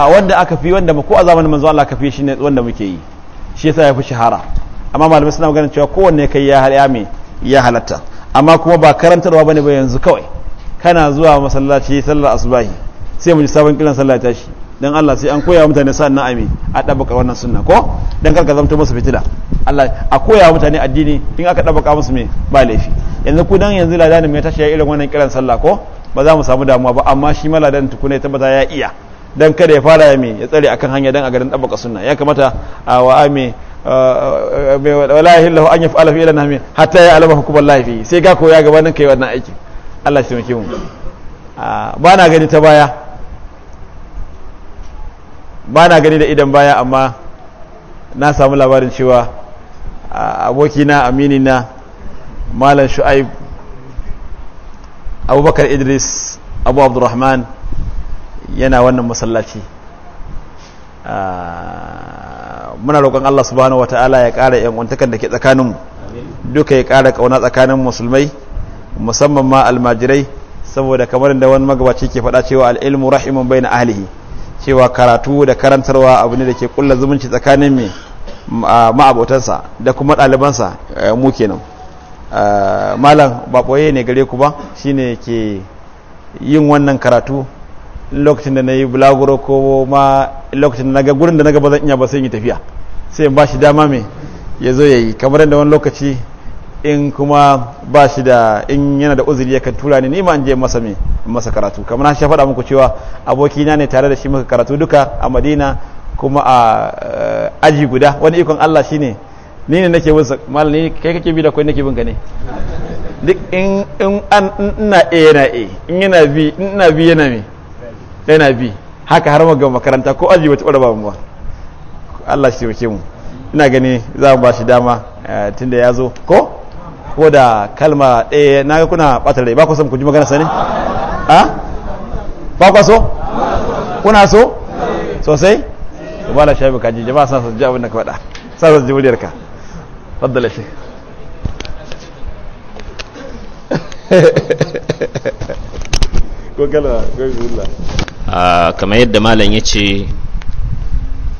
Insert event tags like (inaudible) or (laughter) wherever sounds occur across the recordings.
a wanda aka fi wanda ko a zamanin manzo Allah ka fi shi ne wanda muke yi shi yasa ya fi shahara amma malamai suna ganin cewa kowanne kai ya halya me ya halatta amma kuma ba karantarwa bane ba yanzu kawai kana zuwa masallaci sallar asubahi sai mu ji sabon kiran sallah ta shi dan Allah sai an koya mutane sa'an nan ami a dabbaka wannan sunna ko dan karka zamto musu fitila Allah a koya mutane addini in aka dabbaka musu me ba laifi yanzu ku dan yanzu ladan mai tashi ya irin wannan kiran sallah ko ba za mu samu damuwa ba amma shi maladan tukuna ya tabbata ya iya dan kada ya fara mai ya tsare akan hanya dan a garin dabbaka sunna ya kamata a wa ami wala lahu an yaf'ala fi'lan nahmi hatta ya alama hukuman lahi sai ya koya gabanin kai wannan aiki. Allah shi muke mu ba na gani ta baya ba na gani da idan baya amma na samu labarin cewa abokina aminina malam shu'aib abubakar idris abu abdurrahman yana wannan masallaci ah, muna roƙon Allah subhanahu wataala ya ƙara yankuntakan da ke tsakaninmu duka ya ƙara ƙauna tsakanin musulmai musamman ma almajirai saboda kamar da wani magabaci ke faɗa cewa al'ilmu rahimun bai na ahalihi cewa karatu da karantarwa abu ne da ke kulla zumunci tsakanin mai ma'abotansa da kuma ɗalibansa eh, mu kenan ah, malam ba ɓoye ne gare ku ba shine ke yin wannan karatu lokacin da na yi bulaguro ko ma lokacin da na ga gurin da na ga ba zan iya ba sai yi tafiya sai in ba shi dama mai ya zo ya yi kamar yadda wani lokaci in kuma ba shi da in yana da uzuri yakan tura ni nima an je masa me masa karatu kamar na shafaɗa muku cewa aboki na ne tare da shi muka karatu duka a madina kuma a eh, aji guda wani ikon allah shine ni ne nake bin malam ni kai kake bi da kai nake bin ka ne duk in in ina a yana a in yana bi ina bi yana me yana bi haka har maga makaranta ko aji wata ɓarɓa ba Allah shi wake mu ina gani za mu ba shi dama eh, tun da ya zo ko ko da kalma ɗaya na ga kuna ɓatar rai ba ku son ku ji magana sani ha ba ku so kuna so sosai to ba la shabi kaji jama'a sa sa ji abin da ka faɗa sa sa ji muryar ka faddala shi (laughs) ko kalma ko yi bismillah kamar yadda malam ya ce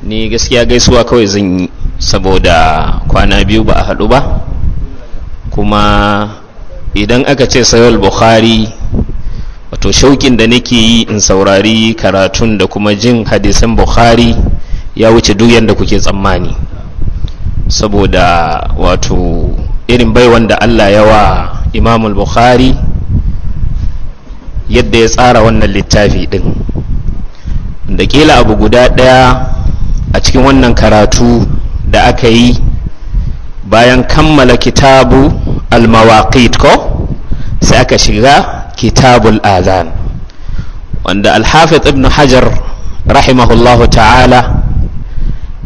ni gaskiya gaisuwa kawai zan yi saboda kwana biyu ba a haɗu ba kuma idan aka ce sayar bukhari wato shaukin da nake yi in saurari karatun da kuma jin hadisan bukhari ya wuce duk yadda kuke tsammani saboda wato irin baiwan da allah yawa imamul bukhari yadda ya tsara wannan littafi din da ƙila abu guda ɗaya a cikin wannan karatu da aka yi bayan kammala kitabu al-mawaqit ko sai aka shiga kitabul azan. wanda al-hafiz hajar rahimahullahu ta'ala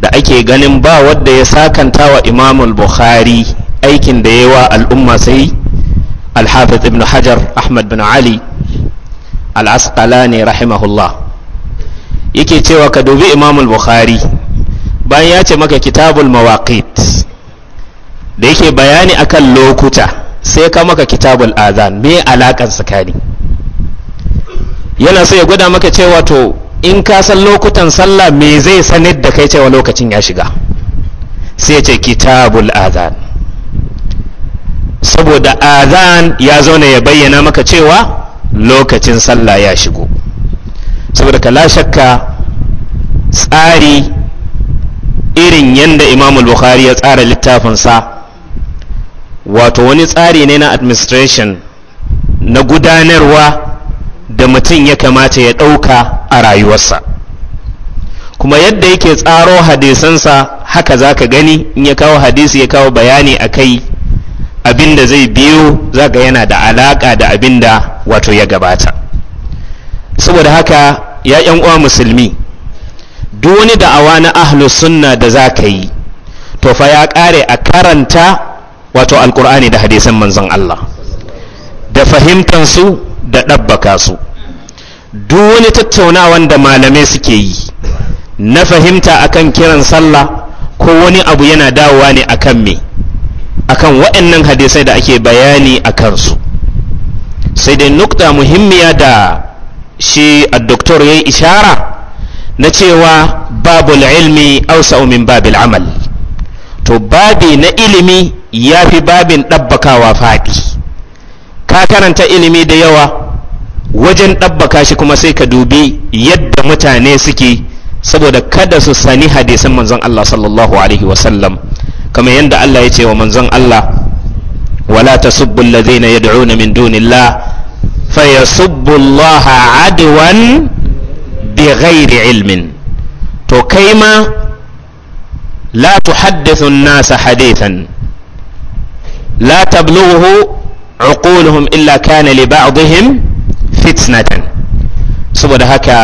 da ake ganin ba wadda ya sakanta wa al bukhari aikin da yawa al'umma sai al-hafiz ibn hajar ahmad bin ali al ne rahimahullah yake cewa ka dubi imamul bukhari bayan ya ce maka kitabul mawaƙit da yake bayani akan lokuta sai ka maka kitabul azan me alakan sakani yana so ya gwada maka cewa to in ka san lokutan sallah me zai sanar da kai cewa lokacin ya shiga sai ce kitabul azan saboda azan ya zo ne ya bayyana maka cewa lokacin sallah ya shigo saboda ka la shakka tsari irin yadda imam bukhari ya tsara littafinsa wato wani tsari ne na administration na gudanarwa da mutum ya kamata ya ɗauka a rayuwarsa kuma yadda yake tsaro hadisansa haka za ka gani in ya kawo hadisi ya kawo bayani a kai abin da zai biyo zaga yana da alaƙa da abin da wato ya gabata saboda haka ya yan uwa musulmi duk wani da'awa na ahlus sunna da za ka yi to fa ya kare a karanta wato alkur'ani da hadisan manzon Allah da fahimtansu da ɗabbaka su duk wani tattaunawan da malamai suke yi na fahimta akan kiran sallah ko wani abu yana dawowa ne akan me akan waɗannan hadisai da ake bayani a kansu sai dai nukta muhimmiya da shi a doktor ya yi ishara na cewa babul ilmi au min babil amal to babi na ilimi ya fi babin ɗabbakawa faɗi ka karanta ilimi da yawa wajen ɗabbaka shi kuma sai ka dubi yadda mutane suke saboda kada su sani hadisan manzon Allah sallallahu alaihi wasallam kamar yadda Allah ya ce wa manzon Allah wala tasubbu alladhina yad'una min dunillah fayasubbu Allah adwan bighairi ilmin to kai ma la tuhaddithu an nasa hadithan la tablughu عقولهم إلا كان لبعضهم فتنة saboda haka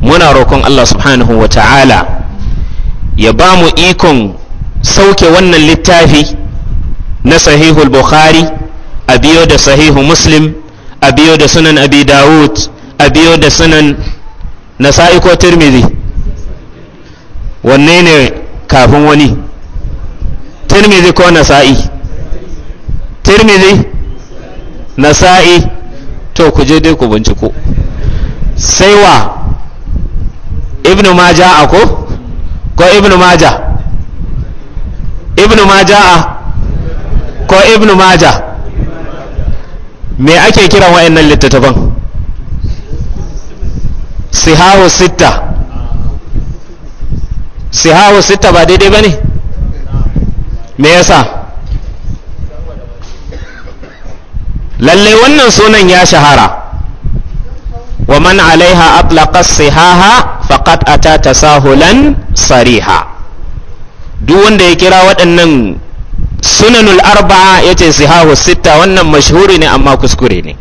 muna roƙon Allah subhanahu wa ta'ala ya bamu ikon sauke wannan littafi na sahihul bukhari a biyo da sahihu muslim a biyo da sunan abi dawud a biyo da sunan nasa'i ko tirmidhi wanne ne kafin wani tirmidhi ko nasa'i tirmidhi nasa'i to ku je dai ku binciko sai wa ibnu maja ako ko ibnu maja ibn maja'a ko ibn maja me ake kiran wayannan littattafan sihahu sitta sihahu sitta ba daidai ba ne me yasa lalle wannan sunan ya shahara wa man alaiha atlaqa sihaha faqad ata tasahulan sariha duk wanda ya kira waɗannan sunanul arba'a ya ce sihahu sitta wannan mashhuri ne amma kuskure ne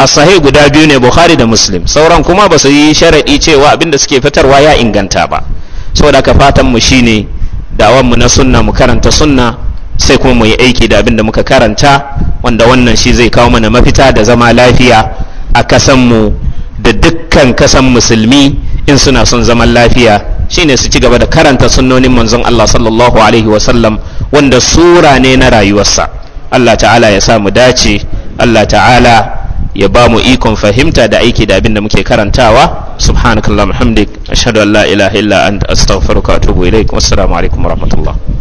a sahih guda biyu ne bukhari da muslim sauran kuma ba su yi sharaɗi cewa abinda suke fitarwa ya inganta ba saboda ka fatan mu shine da mu na sunna mu karanta sunna sai kuma mu yi aiki da abinda muka karanta wanda wannan shi zai kawo mana mafita da zama lafiya a kasan mu da dukkan kasan musulmi in suna son zaman lafiya shine su ci gaba da karanta sunnonin manzon Allah sallallahu alaihi wa sallam wanda sura ne na rayuwarsa Allah ta'ala ya sa mu dace Allah ta'ala ya ba mu ikon fahimta da aiki da abin da muke karantawa subhanakallahumma hamdik ashhadu an la ilaha illa anta astaghfiruka wa atubu ilaik wassalamu alaikum warahmatullahi